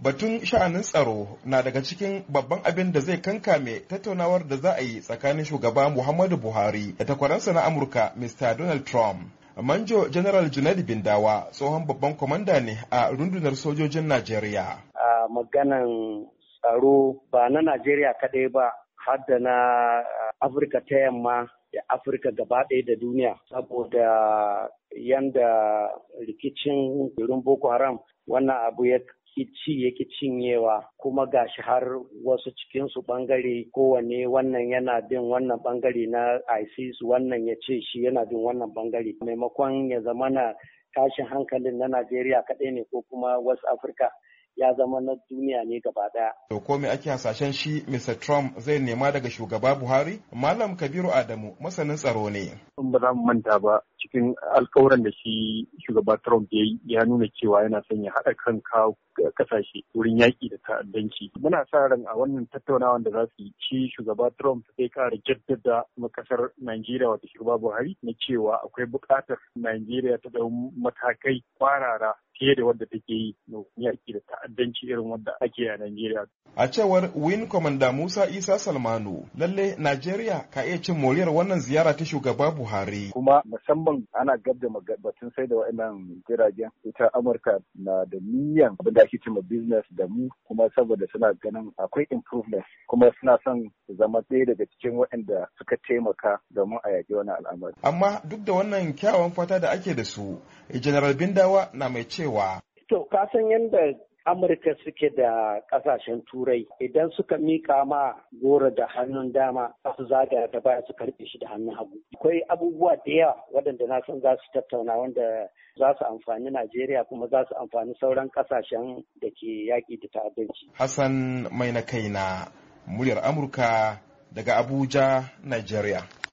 batun sha'anin tsaro na daga cikin babban abin da zai kankame tattaunawar da za a yi tsakanin shugaba muhammadu buhari da takwaransa na amurka mr donald trump manjo general junaidu bindawa tsohon babban kwamanda ne a rundunar sojojin najeriya a maganan tsaro ba na najeriya kadai ba har da na afirka ta yamma da afirka gaba ɗaya da duniya saboda yanda rikicin irin boko haram wannan abu ya ci yake cinyewa kuma gashi har wasu cikinsu bangare kowane wannan yana bin wannan bangare na isis wannan ya ce shi yana bin wannan bangare maimakon ya zamana tashin hankalin na najeriya kaɗai ne ko kuma wasu africa ya zama na duniya ne gaba daya. To ko me ake hasashen shi Mr. Trump zai nema daga shugaba Buhari? Malam Kabiru Adamu masanin tsaro ne. In ba za manta ba cikin alkawuran da shi shugaba Trump ya ya nuna cewa yana son ya haɗa kan kawo kasashe wurin yaƙi da ta'addanci. Muna sa ran a wannan tattaunawan da za su yi shi shugaba Trump zai ƙara jaddada makasar Najeriya wata shugaba Buhari na cewa akwai buƙatar Najeriya ta ɗau matakai kwarara fiye da wanda take yi na yaƙi da ta'addanci irin wanda ake a Najeriya. A cewar Win komanda Musa Isa Salmanu, lalle Najeriya ka iya cin moriyar wannan ziyara ta shugaba Buhari. Kuma musamman ana gab da batun sai da wa'annan jiragen ita Amurka na da niyan abin da ake cima business da mu kuma saboda suna ganin akwai improvement kuma suna son zama ɗaya daga cikin waɗanda suka taimaka domin a yaƙi wani al'amari. Amma duk da wannan kyawawan fata da ake da su, General Bindawa na mai cewa cewa. To, ka san yadda Amurka suke da kasashen turai idan suka mika ma goro da hannun dama za su zaga da baya su karbe shi da hannun hagu. Akwai abubuwa da yawa waɗanda na san za su tattauna wanda za su amfani Najeriya kuma za su amfani sauran kasashen da ke yaƙi da ta'addanci. Hassan mai na kai na muryar Amurka daga Abuja, Najeriya.